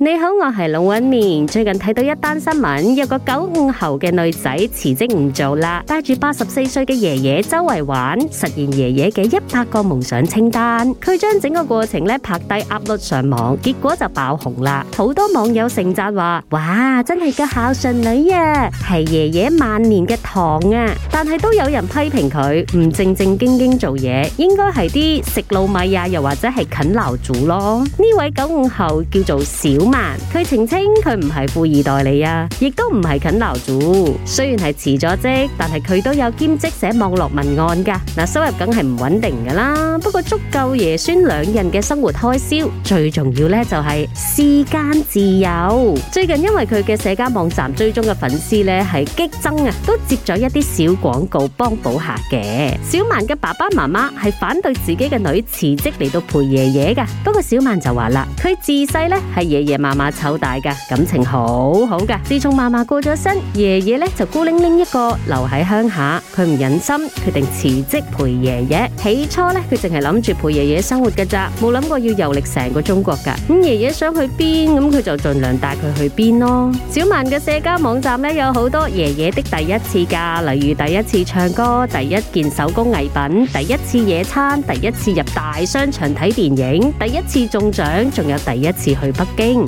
你好，我係龍紋敏。最近睇到一單新聞，有個九五後嘅女仔辭職唔做啦，帶住八十四歲嘅爺爺周圍玩，實現爺爺嘅一百個夢想清單。佢將整個過程咧拍低 upload 上網，結果就爆紅啦。好多網友盛讚話：哇，真係個孝順女啊，係爺爺萬年嘅糖啊！但係都有人批評佢唔正正經經做嘢，應該係啲食老米啊，又或者係啃老族咯。呢位九五後叫做小。佢澄清佢唔係富二代嚟啊，亦都唔係啃老族。雖然係辭咗職，但係佢都有兼職寫網絡文案噶。嗱，收入梗係唔穩定噶啦，不過足夠爺孫兩人嘅生活開銷。最重要咧就係時間自由。最近因為佢嘅社交網站追蹤嘅粉絲咧係激增啊，都接咗一啲小廣告幫補下嘅。小曼嘅爸爸媽媽係反對自己嘅女辭職嚟到陪爺爺噶，不過小曼就話啦，佢自細咧係爺爺嫲嫲湊大嘅，感情好好嘅，自從嫲嫲過咗身，爺爺咧就孤零零一個留喺鄉下。佢唔忍心，決定辭職陪爺爺。起初咧，佢淨係諗住陪爺爺生活嘅咋，冇諗過要遊歷成個中國噶。咁爺爺想去邊，咁佢就盡量帶佢去邊咯。小曼嘅社交網站咧有好多爺爺的第一次噶，例如第一次唱歌、第一件手工藝品、第一次野餐、第一次入大商場睇電影、第一次中獎，仲有第一次去北京。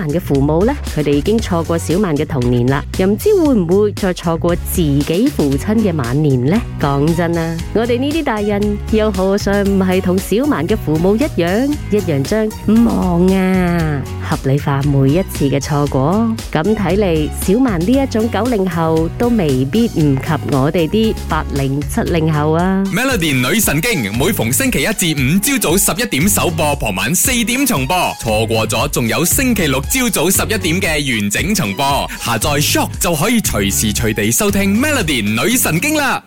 嘅父母呢，佢哋已經錯過小曼嘅童年啦，又唔知會唔會再錯過自己父親嘅晚年呢？講真啊，我哋呢啲大人又何嘗唔係同小曼嘅父母一樣，一樣將唔忙啊合理化每一次嘅錯過？咁睇嚟，小曼呢一種九零後都未必唔及我哋啲八零七零後啊！Melody 女神經，每逢星期一至五朝早十一點首播，傍晚四點重播，錯過咗仲有星期六。朝早十一點嘅完整重播，下載 shop 就可以隨時隨地收聽 Melody 女神經啦。